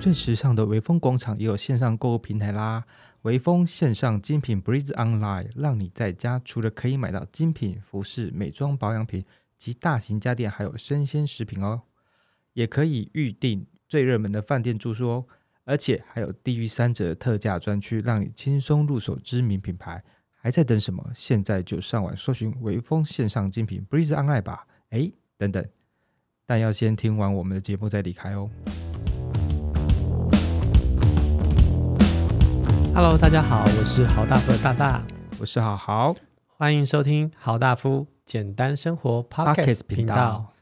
最時尚的微風廣場也有線上購物平台啦，微風線上精品 Breeze Online，讓你在家除了可以買到精品服飾、美妝保養品及大型家電，還有生鮮食品哦，也可以預訂最熱門的飯店住宿哦，而且還有低於三折特價專區，讓你輕鬆入手知名品牌。還在等什麼？現在就上網搜尋微風線上精品 Breeze Online 吧！欸，等等，但要先聽完我們的節目再離開哦。Hello，大家好，我是豪大夫的大大，我是豪豪，好，歡迎收聽豪大夫簡單生活 Podcast 頻道。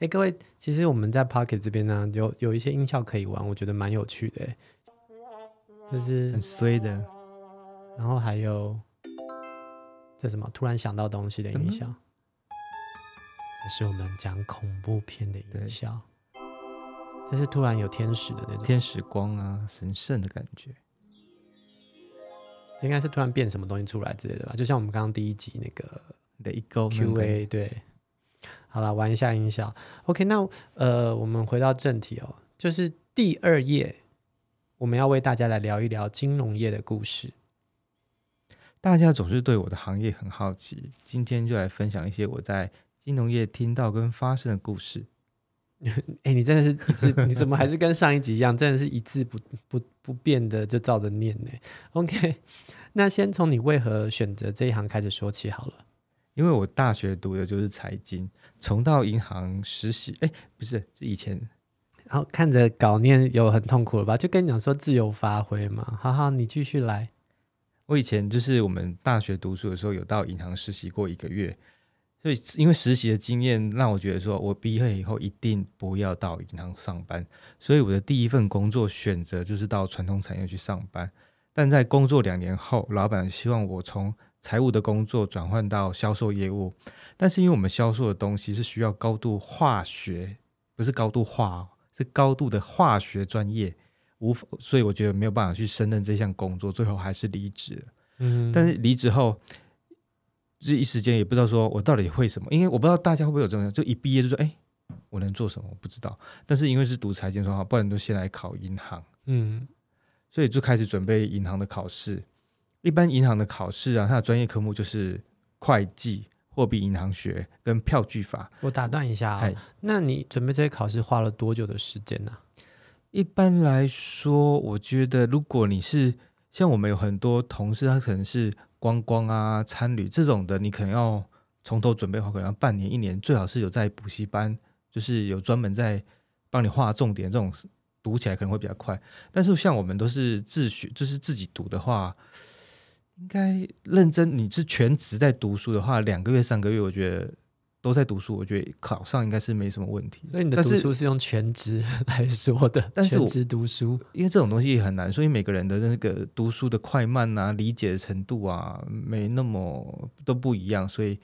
誒，各位，其實我們在 Podcast 這邊呢，有有一些音效可以玩，我覺得蠻有趣的，哎，就是很衰的，然後還有，這是什麼突然想到東西的音效，嗯、這是我們講恐怖片的音效，對這是突然有天使的那種天使光啊，神聖的感覺。應該是突然變什麼東西出來之類的吧，就像我們剛剛第一集那個的 Q&A。對，好了，玩一下音效。OK，那呃，我們回到正題哦，就是第二夜，我們要為大家來聊一聊金融業的故事。大家總是對我的行業很好奇，今天就來分享一些我在金融業聽到跟發生的故事。哎、欸，你真的是，你你怎麼還是跟上一集一樣， 真的是一字不不不變的就照着唸呢？OK，那先從你為何選擇這一行開始說起好了。因為我大學讀的就是財經，從到銀行實習，哎、欸，不是，是以前，然後看着稿念有很痛苦了吧？就跟你講說自由發揮嘛。好好，你繼續來。我以前就是我們大學讀書的時候有到銀行實習過一個月。所以，因為實習的經驗讓我覺得說，我畢業以後一定不要到銀行上班。所以我的第一份工作選擇就是到傳統產業去上班。但在工作兩年後，老闆希望我從財務的工作轉換到銷售業務。但是因為我們銷售的東西是需要高度化學，不是高度化哦，是高度的化學專業，無法，所以我覺得沒有辦法去勝任這項工作，最後還是離職。嗯、哼但是離職後。就是一時間也不知道說我到底會什麼，因為我不知道大家會不會有這樣，就一畢業就說：“哎、欸，我能做什麼？”我不知道。但是因為是讀財經專業，不然都先來考銀行，嗯，所以就開始準備銀行的考試。一般銀行的考試啊，它的專業科目就是會計、貨幣銀行學跟票據法。我打斷一下啊，嘿那你準備這些考試花了多久的時間呢、啊？一般來說，我覺得如果你是像我們有很多同事，他可能是觀光啊、參旅這種的，你可能要從頭準備好，可能要半年、一年，最好是有在補習班，就是有專門在幫你劃重點，這種讀起來可能會比較快。但是像我們都是自學，就是自己讀的話，應該認真。你是全職在讀書的話，兩個月、三個月，我覺得。都在讀書，我覺得考上應該是沒什麼問題。所以你的讀書是，是用全職來說的，但是全職讀書，因為這種東西很難，所以每個人的那個讀書的快慢啊、理解的程度啊，沒那麼都不一樣，所以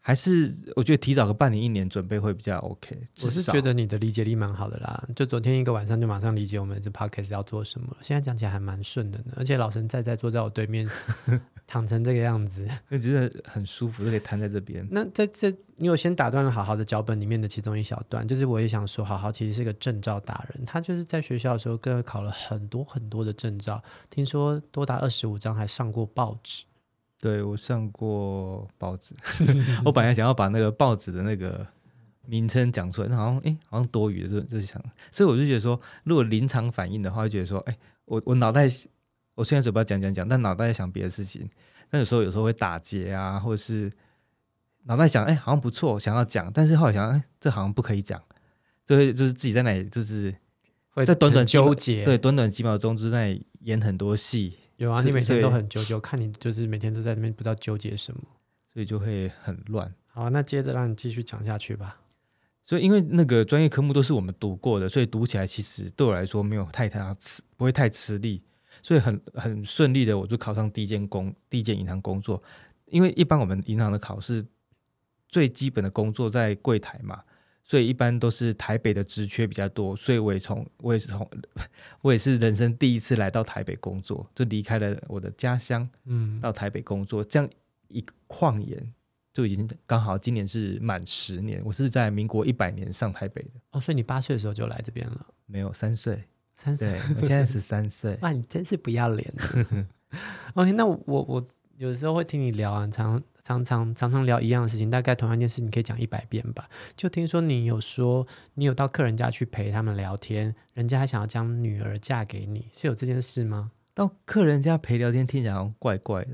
還是我覺得提早個半年、一年準備會比較 OK。我是覺得你的理解力蠻好的啦，就昨天一個晚上就馬上理解我們這 Podcast 要做什麼，現在講起來還蠻順的呢。而且老神在在坐在我對面。 躺成這個樣子，我覺得很舒服，就可以癱在這邊。那在這，因為我先打斷了好好的腳本裡面的其中一小段，就是我也想說，好好其實是個證照達人，他就是在學校的時候，跟考了很多很多的證照，聽說多達二十五張，還上過報紙。對，我上過報紙， 我本來想要把那個報紙的那個名稱講出來，那好像誒、欸，好像多餘的，就就想，所以我就覺得說，如果臨場反應的話，會覺得說，哎、欸，我我腦袋。我雖然嘴巴講講講，但腦袋在想別的事情。但有時候有時候會打結啊，或者是腦袋想哎，好像不錯，想要講，但是後來想哎，這好像不可以講，就會就是自己在那裡就是，會在短短糾結，對，短短幾秒鐘之內演很多戲。有啊，是你每次都很糾結，以看你就是每天都在那邊不知道糾結什麼，所以就會很亂。好啊，那接着讓你繼續講下去吧。所以因為那個專業科目都是我們讀過的，所以讀起來其實對我來說沒有太大吃，不會太吃力。所以很很順利的，我就考上第一間，工，第一間銀行工作，因為一般我們銀行的考試最基本的工作在櫃檯嘛，所以一般都是台北的職缺比較多，所以我也從，我也是從，我也是人生第一次來到台北工作，就離開了我的家鄉，嗯，到台北工作，這樣一晃眼就已經剛好今年是滿十年，我是在民國一百年上台北的。哦，所以你八歲的時候就來這邊了？沒有，三歲。三歲 30，我現在十三歲。那 你真是不要臉的 OK，那我我，我有的時候會聽你聊啊，常常常常常聊一樣的事情，大概同樣一件事，你可以講一百遍吧。就聽說你有說，你有到客人家去陪他們聊天，人家還想要將女兒嫁給你，是有這件事嗎？到客人家陪聊天聽起來好像怪怪的。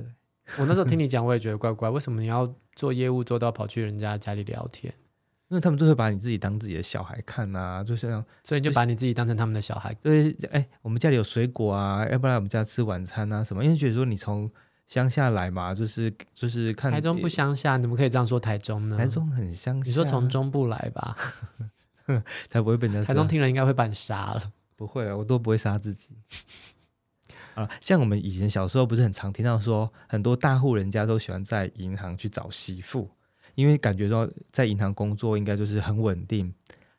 我那時候聽你講，我也覺得怪怪，為什麼你要做業務做到跑去人家家裡聊天？因為他們都會把你自己當自己的小孩看呐、啊，就像、是、所以就把你自己當成他們的小孩。對，哎、欸，我們家裡有水果啊，要不然來我們家吃晚餐啊？什麼？因為覺得說你從鄉下來嘛，就是就是看台中不鄉下，欸、你怎麼可以這樣說台中呢？台中很鄉下。你說從中部來吧， 才不會被人家說台中，聽了應該會把你殺了。不會、啊，我都不會殺自己。啊， 像我們以前小時候不是很常聽到說，很多大戶人家都喜歡在銀行去找媳婦。因為感覺到在銀行工作應該就是很穩定，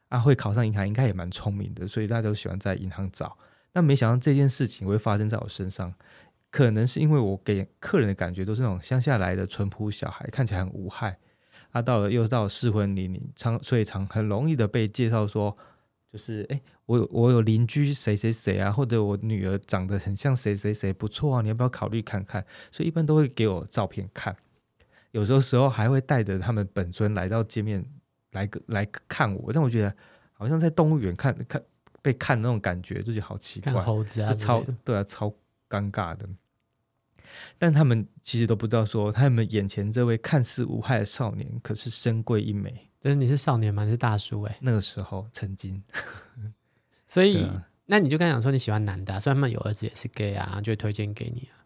啊，會考上銀行應該也蠻聰明的，所以大家都喜歡在銀行找。但沒想到這件事情會發生在我身上，可能是因為我給客人的感覺都是那種鄉下來的淳樸小孩，看起來很無害。啊，到了又到了適婚年齡，常所以常很容易的被介紹說，就是誒，我我有鄰居誰誰誰啊，或者我女兒長得很像誰誰誰，不錯啊，你要不要考慮看看？所以一般都會給我照片看。有時候時候還會帶着他們本尊來到街面，來個來看我，但我覺得好像在動物園看看被看那種感覺，就覺得好奇怪，看猴子啊、就超對啊，超尷尬的。嗯、但他們其實都不知道說，說他們眼前這位看似無害的少年，可是深櫃一枚。就是你是少年嗎？你是大叔哎、欸？那個時候曾經，所以、 啊、那你就剛講說你喜歡男的、啊，雖然他們有兒子也是 gay 啊，就會推薦給你、啊。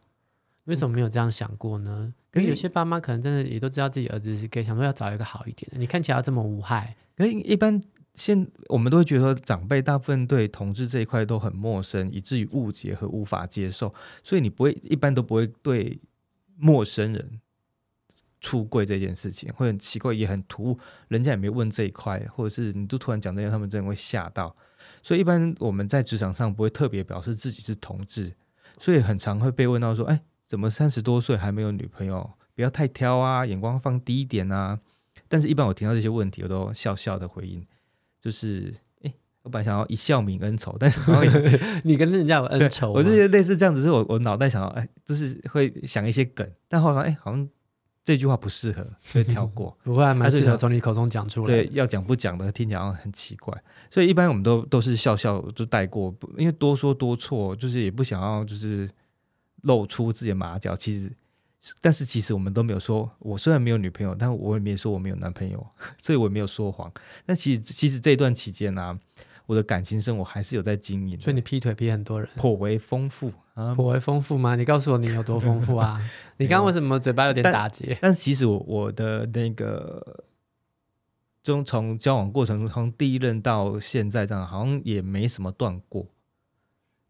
為什麼沒有這樣想過呢？可是、嗯、有些爸媽可能真的也都知道自己兒子是 gay，想說要找一個好一點的。你看起來要這麼無害，可是一般現我們都會覺得說長輩大部分對同志這一塊都很陌生，以至於誤解和無法接受，所以你不會一般都不會對陌生人出櫃這件事情會很奇怪，也很突兀。人家也沒問這一塊，或者是你都突然講這些，他們真的會嚇到。所以一般我們在職場上不會特別表示自己是同志，所以很常會被問到說：“哎。”怎麼三十多歲還沒有女朋友？不要太挑啊，眼光放低一點啊。但是，一般我聽到這些問題，我都笑笑的回應。就是，哎、欸，我本來想要一笑泯恩仇，但是好像 你跟人家有恩仇，我就覺得類似這樣子。是我，我腦袋想到，哎、欸，就是會想一些梗，但後來誒，哎、欸，好像這句話不適合，所以跳過。 不會，還蠻適合從你口中講出來。對，要講不講的，聽起來好像很奇怪。所以，一般我們都都是笑笑就帶過，因為多說多錯，就是也不想要，就是。露出自己的馬腳，其實，但是其實我們都沒有說，我雖然沒有女朋友，但我也沒說我沒有男朋友，所以我也沒有說謊。但其實，其實這一段期間呢、啊，我的感情生活還是有在經營。所以你劈腿劈很多人，頗為豐富啊，嗯、頗為豐富嗎？你告訴我你有多豐富啊？ 你剛剛為什麼嘴巴有點打結？但，但其實我的那個，中，從交往過程中，從第一任到現在這樣，好像也沒什麼斷過。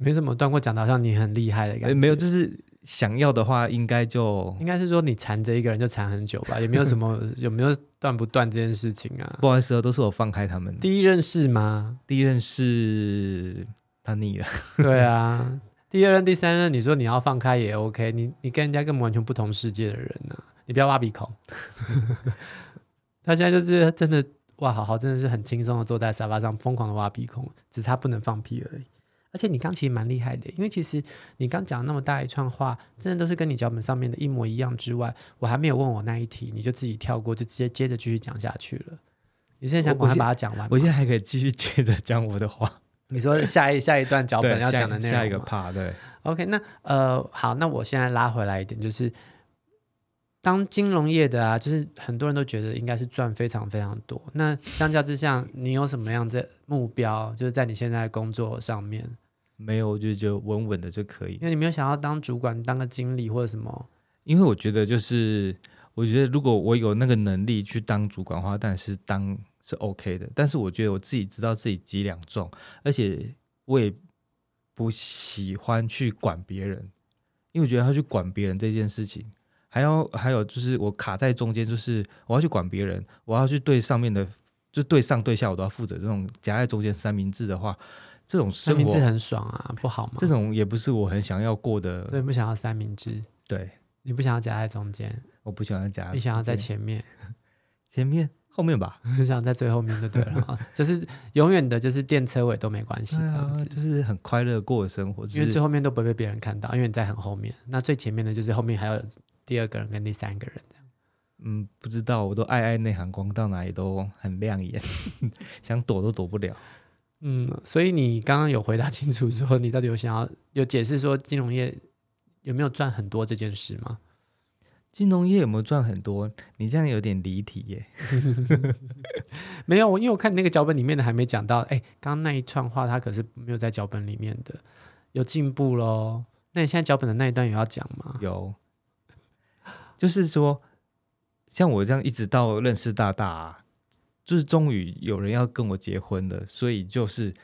沒什麼斷過，講得好像你很厲害的感覺。沒有，就是想要的話，應該就應該是說你纏着一個人就纏很久吧。也沒有什麼 有沒有斷不斷這件事情啊？不好意思、啊，都是我放開他們的。第一任是嗎？第一任是他膩了。 對啊，第二任、第三任，你說你要放開也 OK 你，你你跟人家根本完全不同世界的人呢、啊，你不要挖鼻孔。 他現在就是真的哇，豪豪，真的是很輕鬆的坐在沙發上瘋狂的挖鼻孔，只差不能放屁而已。而且你剛其實蠻厲害的，因為其實你剛講那麼大一串話，真的都是跟你腳本上面的一模一樣之外，我還沒有問我那一題，你就自己跳過，就直接接着繼續講下去了。你現在想，我還把它講完我，我現在還可以繼續接着講我的話。你說下一下一段腳本要講的那下,下一個 part 對，OK，那呃好，那我現在拉回來一點就是。當金融業的啊，就是很多人都覺得應該是賺非常非常多。那相較之下，你有什麼樣的目標？就是在你現在的工作上面，沒有就是、就穩穩的就可以。因為你沒有想要當主管、當個經理或者什麼。因為我覺得就是，我覺得如果我有那個能力去當主管的話，當然是當是 OK 的。但是我覺得我自己知道自己幾兩重，而且我也不喜歡去管別人，因為我覺得他去管別人這件事情，還要還有就是我卡在中間，就是我要去管別人，我要去對上面的，就對上對下我都要負責。這種夾在中間三明治的話，這種生活三明治很爽啊，不好嗎？這種也不是我很想要過的。對，對所以不想要三明治。對，你不想要夾在中間，我不想要夾。你想要在前面，前面, 前面後面吧？你 想要在最後面就對了， 就是永遠的就是墊車尾都沒關係，這樣子、啊、就是很快樂過的生活。就是、因為最後面都不會被別人看到，因為你在很後面。那最前面的就是後面還有。第二個人跟第三個人這樣，嗯，不知道，我都愛愛那行光到哪裡都很亮眼，呵呵，想躲都躲不了。嗯，所以你剛剛有回答清楚說，你到底有想要有解釋說金融業有沒有賺很多這件事嗎？金融業有沒有賺很多？你這樣有點離題耶。 沒有，我因為我看你那個腳本裡面的還沒講到，哎，剛剛那一串話它可是沒有在腳本裡面的，有進步咯。那你現在腳本的那一段有要講嗎？有。就是說，像我這樣一直到認識大大、啊，就是終於有人要跟我結婚了，所以就是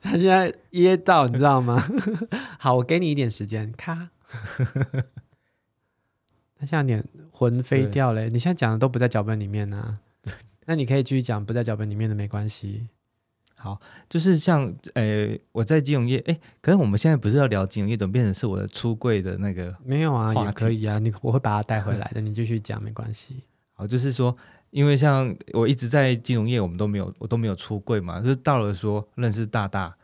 他現在噎到，你知道嗎？ 好，我給你一點時間，咔！ 他現在魂飛掉了，對你現在講的都不在腳本裡面呢、啊， 那你可以繼續講不在腳本裡面的，沒關係。好，就是像誒、呃，我在金融業，哎、欸，可是我們現在不是要聊金融業，怎麼變成是我的出櫃的那個？沒有啊，也可以啊，你我會把它帶回來的，是你繼續講沒關係。好，就是說，因為像我一直在金融業，我們都沒有，我都沒有出櫃嘛，就是到了說認識大大，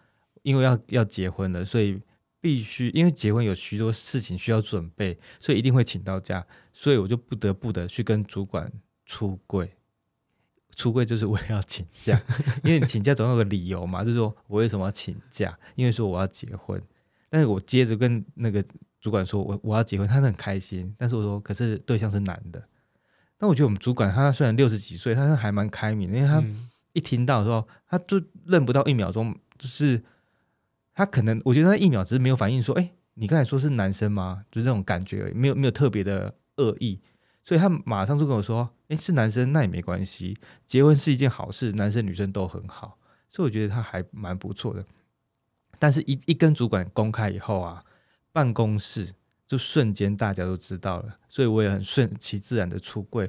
因為要要結婚了，所以必須因為結婚有許多事情需要準備，所以一定會請到假，所以我就不得不的去跟主管出櫃。出櫃就是為了請假，因為你請假總有個理由嘛，就是說我為什麼要請假？因為說我要結婚，但是我接着跟那個主管說我，我我要結婚，他很開心。但是我說，可是對象是男的。但我覺得我們主管他雖然六十幾歲，他還蠻開明，因為他一聽到說，嗯、他就認不到一秒鐘，就是他可能我覺得他一秒只是沒有反應，說，哎、欸，你剛才說是男生嗎？就是、那種感覺而已，沒有沒有特別的惡意，所以他馬上就跟我說。誒，是男生，那也沒關係，結婚是一件好事，男生女生都很好，所以我覺得他還蠻不錯的。但是一，一一跟主管公開以後啊，辦公室就瞬間大家都知道了，所以我也很順其自然的出櫃。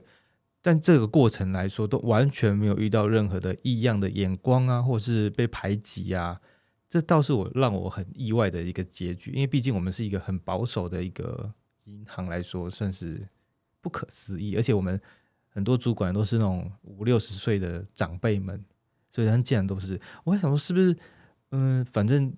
但這個過程來說，都完全沒有遇到任何的異樣的眼光啊，或是被排擠啊，這倒是我讓我很意外的一個結局。因為畢竟我們是一個很保守的一個銀行來說，算是不可思議，而且我們。很多主管都是那種五六十歲的長輩們，所以他們竟然都是，我在想說是不是？嗯，反正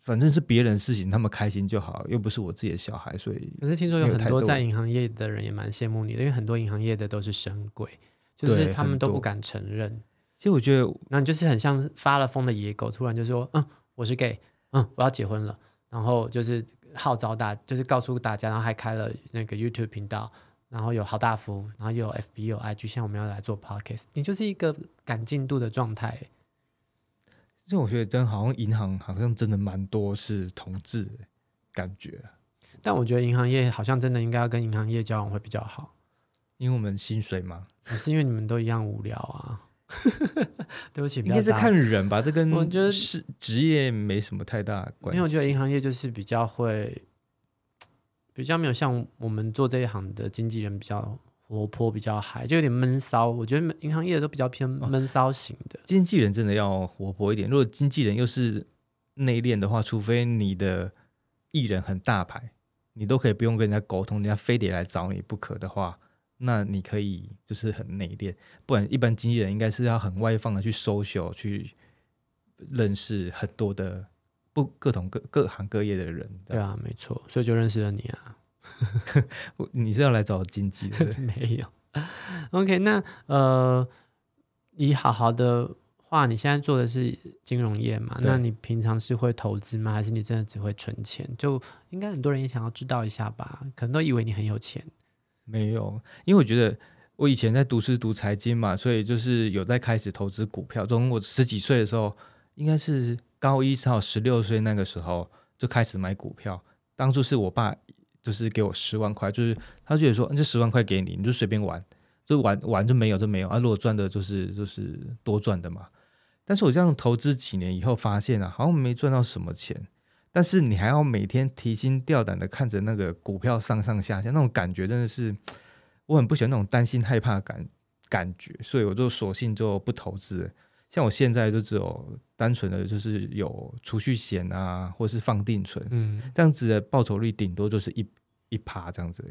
反正是別人事情，他們開心就好，又不是我自己的小孩，所以。可是聽說有很多在銀行業的人也蠻羨慕你的，因為很多銀行業的都是深櫃，就是他們都不敢承認。其實我覺得，那你就是很像發了瘋的野狗，突然就說：“嗯，我是 gay，嗯，我要結婚了。”然後就是號召大，就是告訴大家，然後還開了那個 YouTube 頻道。然後有豪大夫，然後又有 FB 有 IG，像我們要來做 Podcast，你就是一個趕進度的狀態。這我覺得真的好像銀行，好像真的蠻多是同志感覺。但我覺得銀行業好像真的應該要跟銀行業交往會比較好，因為我們薪水嘛，是因為你們都一樣無聊啊。 對不起，應該是看人吧， 這跟我覺得是職業沒什麼太大關係。因為我覺得銀行業就是比較會。比較沒有像我們做這一行的經紀人比較活潑，比較嗨，就有點悶騷。我覺得銀行業都比較偏悶騷型的，哦，經紀人真的要活潑一點。如果經紀人又是內斂的話，除非你的藝人很大牌，你都可以不用跟人家溝通，人家非得來找你不可的話，那你可以就是很內斂。不然一般經紀人應該是要很外放的去 social，去認識很多的。不各同各，各種各各行各業的人。對啊，沒錯，所以就認識了你啊。 你是要來找經濟的？ 沒有。OK，那呃，你好好的話，你現在做的是金融業嘛？對那你平常是會投資嗎？還是你真的只會存錢？就應該很多人也想要知道一下吧。可能都以為你很有錢。沒有，因為我覺得我以前在讀書讀財經嘛，所以就是有在開始投資股票。從我十幾歲的時候，應該是。高一時候十六歲那個時候就開始買股票，當初是我爸就是給我十萬塊，就是他覺得說嗯，這十萬塊給你，你就隨便玩，就玩玩就沒有就沒有啊。如果賺的就是就是多賺的嘛。但是我這樣投資幾年以後，發現啊，好像沒賺到什麼錢。但是你還要每天提心吊膽的看着那個股票上上下下，那種感覺真的是我很不喜歡那種擔心害怕感感覺，所以我就索性就不投資。像我現在就只有單純的，就是有儲蓄險啊，或是放定存，嗯，這樣子的報酬率頂多就是一一趴這樣子。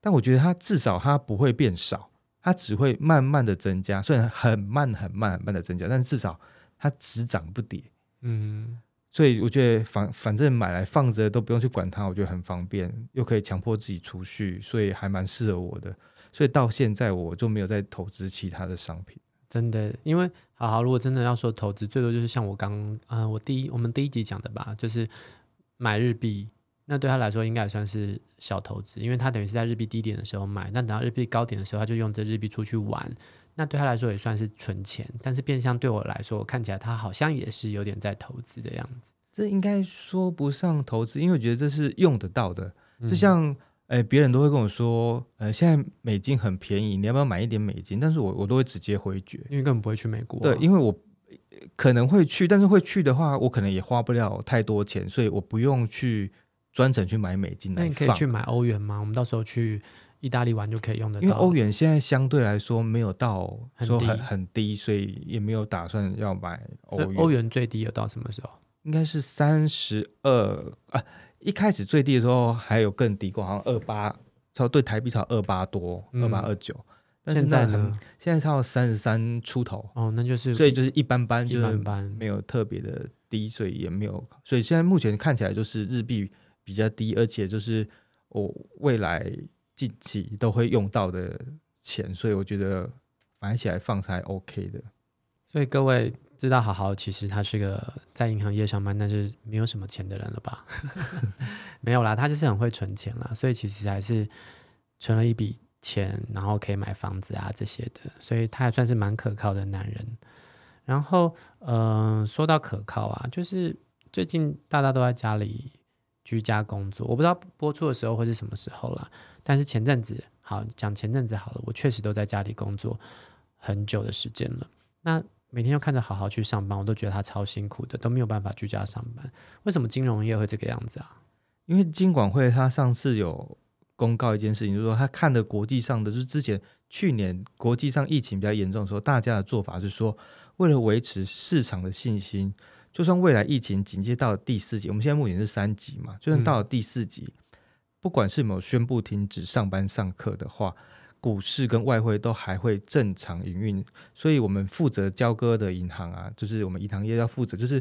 但我覺得它至少它不會變少，它只會慢慢的增加，雖然很慢很慢很慢的增加，但至少它只漲不跌，嗯。所以我覺得反反正買來放着都不用去管它，我覺得很方便，又可以強迫自己儲蓄，所以還蠻適合我的。所以到現在我就沒有再投資其他的商品。真的，因為好好，如果真的要說投資，最多就是像我剛，嗯、呃，我第一，我們第一集講的吧，就是買日幣，那對他來說應該也算是小投資，因為他等於是在日幣低點的時候買，那等到日幣高點的時候，他就用這日幣出去玩，那對他來說也算是存錢，但是變相對我來說，看起來他好像也是有點在投資的樣子。這應該說不上投資，因為我覺得這是用得到的，嗯、就像。哎，別人都會跟我說，呃，現在美金很便宜，你要不要買一點美金？但是我我都會直接回絕，因為根本不會去美國啊。對，因為我可能會去，但是會去的話，我可能也花不了太多錢，所以我不用去專程去買美金的。那你可以去買歐元嗎？我們到時候去意大利玩就可以用的。因為歐元現在相對來說沒有到很低說很，很低，所以也沒有打算要買歐元。歐元最低要到什麼時候？應該是三十二啊。一開始最低的時候還有更低過，好像二八，超對台幣超二八多，二八二九。但在很現在呢，現在超三十三出頭。哦，那就是所以就是一般般，一般般，沒有特別的低，所以也沒有。所以現在目前看起來就是日幣比較低，而且就是我未來近期都會用到的錢，所以我覺得買起來放才還 OK 的。所以各位。知道豪豪，其實他是個在銀行業上班，但是沒有什麼錢的人了吧？ 沒有啦，他就是很會存錢啦，所以其實還是存了一筆錢，然後可以買房子啊這些的，所以他還算是蠻可靠的男人。然後，嗯、呃，說到可靠啊，就是最近大家都在家裡居家工作，我不知道播出的時候會是什麼時候啦，但是前陣子好講前陣子好了，我確實都在家裡工作很久的時間了，那。每天都看着好好去上班，我都覺得他超辛苦的，都沒有辦法居家上班。為什麼金融業會這個樣子啊？因為金管會他上次有公告一件事情，就是說他看的國際上的，就是之前去年國際上疫情比較嚴重的時候，大家的做法是說，為了維持市場的信心，就算未來疫情緊接到第四級，我們現在目前是三級嘛，就算到了第四級，嗯、不管是有沒有宣布停止上班上課的話。股市跟外匯都還會正常營運，所以我們負責交割的銀行啊，就是我們銀行業要負責，就是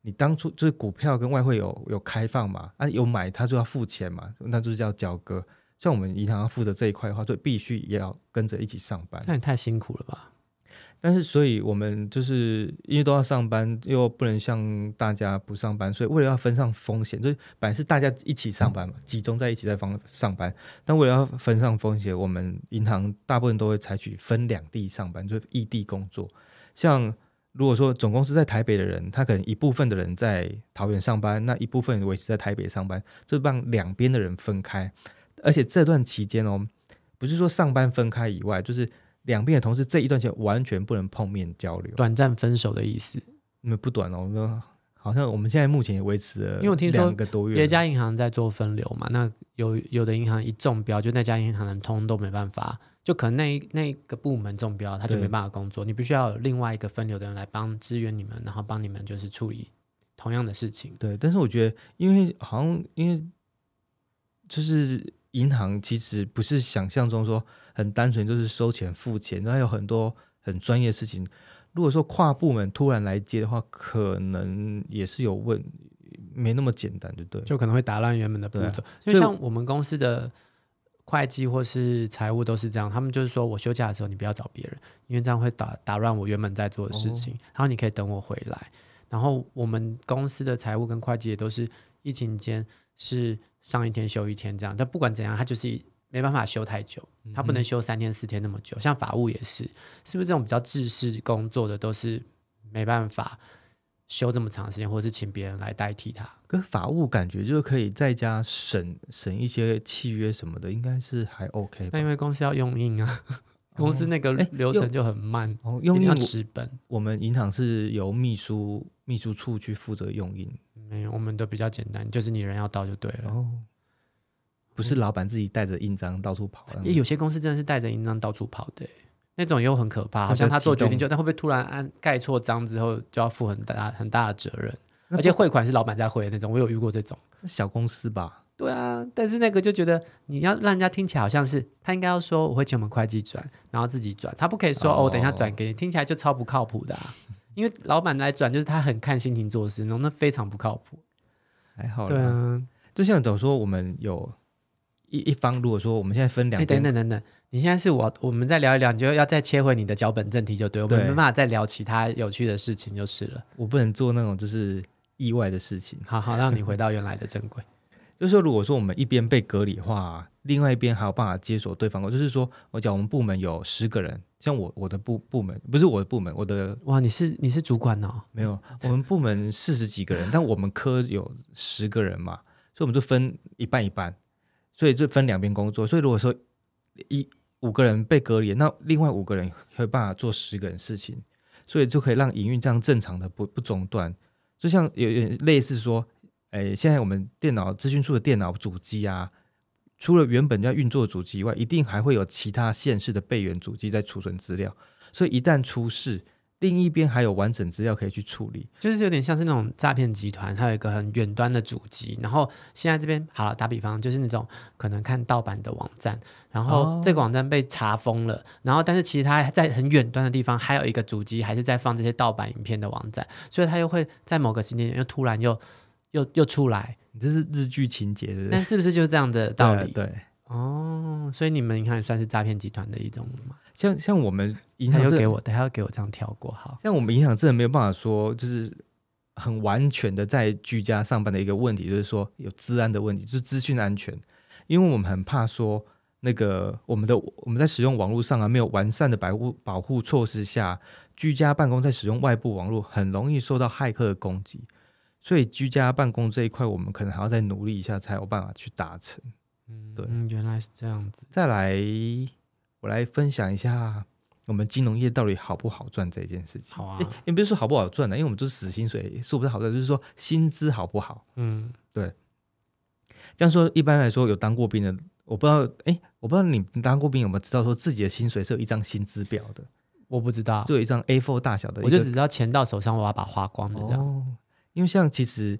你當初就是股票跟外匯有有開放嘛，啊有買它就要付錢嘛，那就是叫交割。像我們銀行要負責這一塊的話，就必須也要跟着一起上班，那也太辛苦了吧。但是，所以我們就是因為都要上班，又不能像大家不上班，所以為了要分上風險，就是本來是大家一起上班嘛，集中在一起在方上班，但為了要分上風險，我們銀行大部分都會採取分兩地上班，就是異地工作。像如果說總公司在台北的人，他可能一部分的人在桃園上班，那一部分人維持在台北上班，就讓兩邊的人分開。而且這段期間哦，不是說上班分開以外，就是。兩邊的同事這一段時間完全不能碰面交流，短暫分手的意思？那、嗯、不短了、哦，我們好像我們現在目前也維持了,兩個多月了，因為我聽說別家銀行在做分流嘛，那有有的銀行一中標，就那家銀行的人通,通都沒辦法，就可能那那一個部門中標，他就沒辦法工作，對你必須要有另外一個分流的人來幫支援你們，然後幫你們就是處理同樣的事情。對，但是我覺得，因為好像因為就是。銀行其實不是想象中說很單純，就是收錢付錢，它有很多很專業的事情。如果說跨部門突然來接的話，可能也是有問，沒那麼簡單就對，對不對？就可能會打亂原本的步驟。就對像我們公司的會計或是財務都是這樣，他們就是說我休假的時候，你不要找別人，因為這樣會打打亂我原本在做的事情。哦、然後你可以等我回來。然後我們公司的財務跟會計也都是，疫情期間是。上一天休一天這樣，但不管怎樣，他就是沒辦法休太久，他不能休三天四天那麼久。嗯、像法務也是，是不是這種比較制式工作的都是沒辦法休這麼長時間，或者是請別人來代替他？可是法務感覺就可以在家審審一些契約什麼的，應該是還 OK。那因為公司要用印啊，公司那個流程就很慢，哦欸用，哦、用印紙本我。我們銀行是由秘書。秘書處去負責用印，沒有，我們都比較簡單，就是你人要到就對了。哦，不是老闆自己帶着印章到處跑，也有些公司真的是帶着印章到處跑的，那種又很可怕。好像他做決定就，但，嗯，會不會突然按蓋錯章之後就要負很大很大的責任？那不，而且匯款是老闆在匯的那種，我有遇過這種小公司吧？對啊，但是那個就覺得你要讓人家聽起來好像是他應該要說我會請我們會計轉，然後自己轉，他不可以說哦，哦，等一下轉給你，聽起來就超不靠譜的啊。因為老板來轉，就是他很看心情做事，那那非常不靠譜。還、哎、好啦，對、啊、就像早說，我們有一一方，如果說我們現在分兩、哎，等等等等，你現在是我，我們再聊一聊，你就要再切回你的腳本正題就對，我們沒辦法再聊其他有趣的事情就是了。我不能做那種就是意外的事情。好好，讓你回到原來的正軌。 就是說如果說我們一邊被隔離的話，另外一邊還有辦法接手對方，就是說我講我們部門有十個人。像我我的部部門不是我的部門，我的。哇你是你是主管哦？沒有，我們部門四十幾個人， 但我們科有十個人嘛，所以我們就分一半一半，所以就分兩邊工作。所以如果說一五個人被隔離，那另外五個人有辦法做十個人事情，所以就可以讓營運這樣正常的不不中斷。就像有有類似說，哎，現在我們電腦資訊處的電腦主機啊。除了原本要運作的主機以外，一定還會有其他現世的備援主機在儲存資料，所以一旦出事，另一邊還有完整資料可以去處理，就是有點像是那種詐騙集團，還有一個很遠端的主機，然後現在這邊好了，打比方就是那種可能看盜版的網站，然後這個網站被查封了，哦、然後但是其實它在很遠端的地方還有一個主機還是在放這些盜版影片的網站，所以他又會在某個時間點又突然又。又又出來，你這是日劇情節，的那是不是就是這樣的道理？對、啊、對哦，所以你們銀行也算是詐騙集團的一種嘛？像像我們銀行要、這個、給我，他要給我這樣跳過，好。像我們銀行真的沒有辦法說，就是很完全的在居家上班的一個問題，就是說有資安的問題，就是資訊安全，因為我們很怕說那個我們的我們在使用網絡上啊，沒有完善的保護保護措施下，居家辦公在使用外部網絡，很容易受到駭客的攻擊。所以居家辦公這一塊，我們可能還要再努力一下，才有辦法去達成。嗯，對，嗯，原來是這樣子。再來，我來分享一下我們金融業到底好不好賺這件事情。好啊，你別、欸欸、說好不好賺、啊、因為我們都是死薪水，說不是好賺，就是說薪資好不好？嗯，對。這樣說，一般來說，有當過兵的，我不知道，哎、欸，我不知道你當過兵有沒有知道說自己的薪水是有一張薪資表的？我不知道，就有一張 A4 大小的，我就只知道錢到手上我要把它花光的這樣。哦因為像其實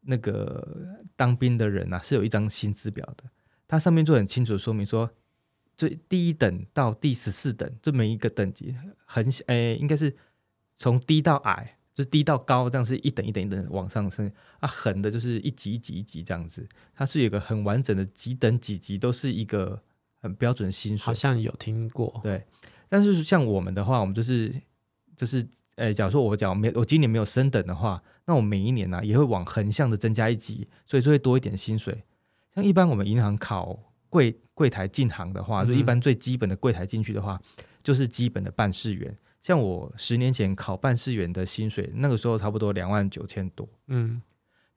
那個當兵的人吶、啊，是有一張薪資表的，它上面就很清楚說明說，說最第一等到第十四等，這麼一個等級很，誒、欸，應該是從低到矮，就是低到高，這樣是一等一等一等往上升啊，橫的就是一級一級一級這樣子，它是有一個很完整的幾等幾級，都是一個很標準的薪水。好像有聽過，對，但是像我們的話，我們就是就是，誒、欸，假如說我講沒有，我今年沒有升等的話。那我每一年呢、啊，也會往橫向的增加一級，所以說會多一點薪水。像一般我們銀行考櫃櫃台進行的話，就、嗯嗯、一般最基本的櫃台進去的話，就是基本的辦事員。像我十年前考辦事員的薪水，那個時候差不多兩萬九千多。嗯，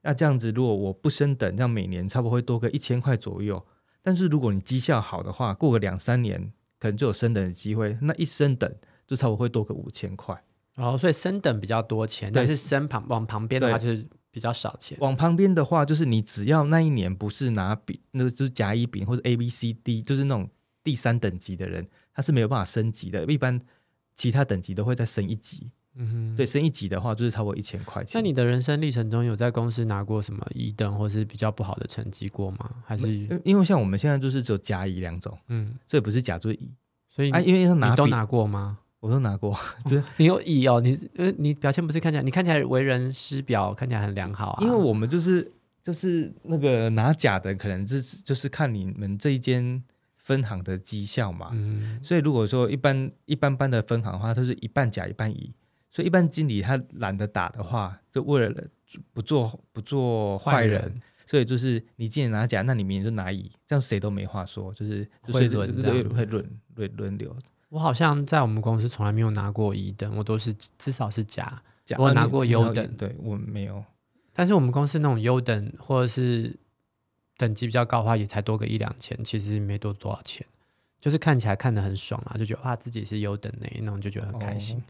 那這樣子如果我不升等，這樣每年差不多會多個一千塊左右。但是如果你績效好的話，過個兩三年可能就有升等的機會，那一升等就差不多會多個五千塊。哦，所以升等比較多錢，對但是升旁是往旁邊的話就是比較少錢。往旁邊的話，就是你只要那一年不是拿丙，那個、就是甲乙丙或者 A B C D，就是那種第三等級的人，他是沒有辦法升級的。一般其他等級都會再升一級。嗯哼，對，升一級的話就是超過一千塊錢。那你的人生歷程中，有在公司拿過什麼乙、乙、等，或是比較不好的成績過嗎？還是因為像我們現在就是只有甲乙兩種，嗯，所以不是甲就是乙，所以你啊，因為他拿都拿過嗎？我都拿過，就是嗯、你有乙哦，你呃你表現不是看起來，你看起來為人師表，看起來很良好啊。因為我們就是就是那個拿甲的，可能、就是就是看你們這一間分行的績效嘛。嗯，所以如果說一般一般般的分行的話，都是一半甲一半乙。所以一般經理他懶得打的話，嗯、就為了不做不做壞人，壞人所以就是你既然拿甲，那你明年就拿乙，這樣誰都沒話說，就是就所以、就是、會輪會輪輪輪流。我好像在我們公司從來沒有拿過乙等，我都是至少是甲假我拿過優等，對我沒有。沒有，但是我們公司那種優等或者是等級比較高的話，也才多個一兩千，其實沒多多少錢，就是看起來看得很爽啊，就覺得哇自己是優等那、欸、那種就覺得很開心。哦、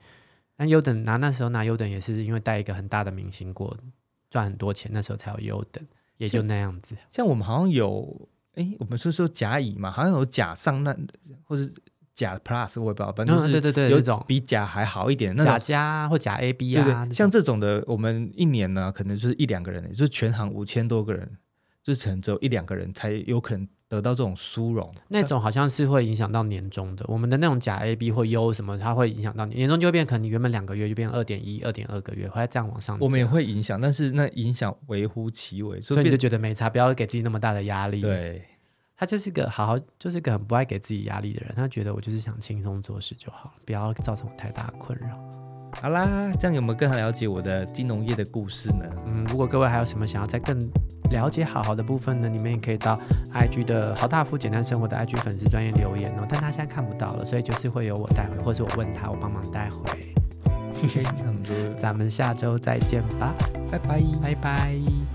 但優等拿那時候拿優等也是因為帶一個很大的明星過賺很多錢，那時候才有優等，也就那樣子。像，像我們好像有誒，我們是說甲乙嘛，好像有甲上那或是。甲 Plus 我也不知道，反正就是對對對，有一種比甲還好一點，那甲加或甲 AB 啊，對對像這種的，嗯、我們一年呢可能就是一兩個人，就是全行五千多個人，就可能只有一兩個人才有可能得到這種殊榮。那種好像是會影響到年終的，我們的那種甲 AB 或 U 什麼，它會影響到你年，年終就會變，可能你原本兩個月就變成二點一二點二個月，會這樣往上。我們也會影響，但是那影響微乎其微，所以就覺得沒差，不要給自己那麼大的壓力。對。他就是個豪豪，就是個很不愛給自己壓力的人。他覺得我就是想輕鬆做事就好，不要造成我太大困擾。好啦，這樣有沒有更了解我的金融業的故事呢？嗯，如果各位還有什麼想要再更了解豪豪的部分呢，你們也可以到 IG 的豪大夫簡單生活的 IG 粉絲專頁留言哦。但他現在看不到了，所以就是會由我帶回，或是我問他，我幫忙帶回。 咱們下周再見吧，拜拜，拜拜。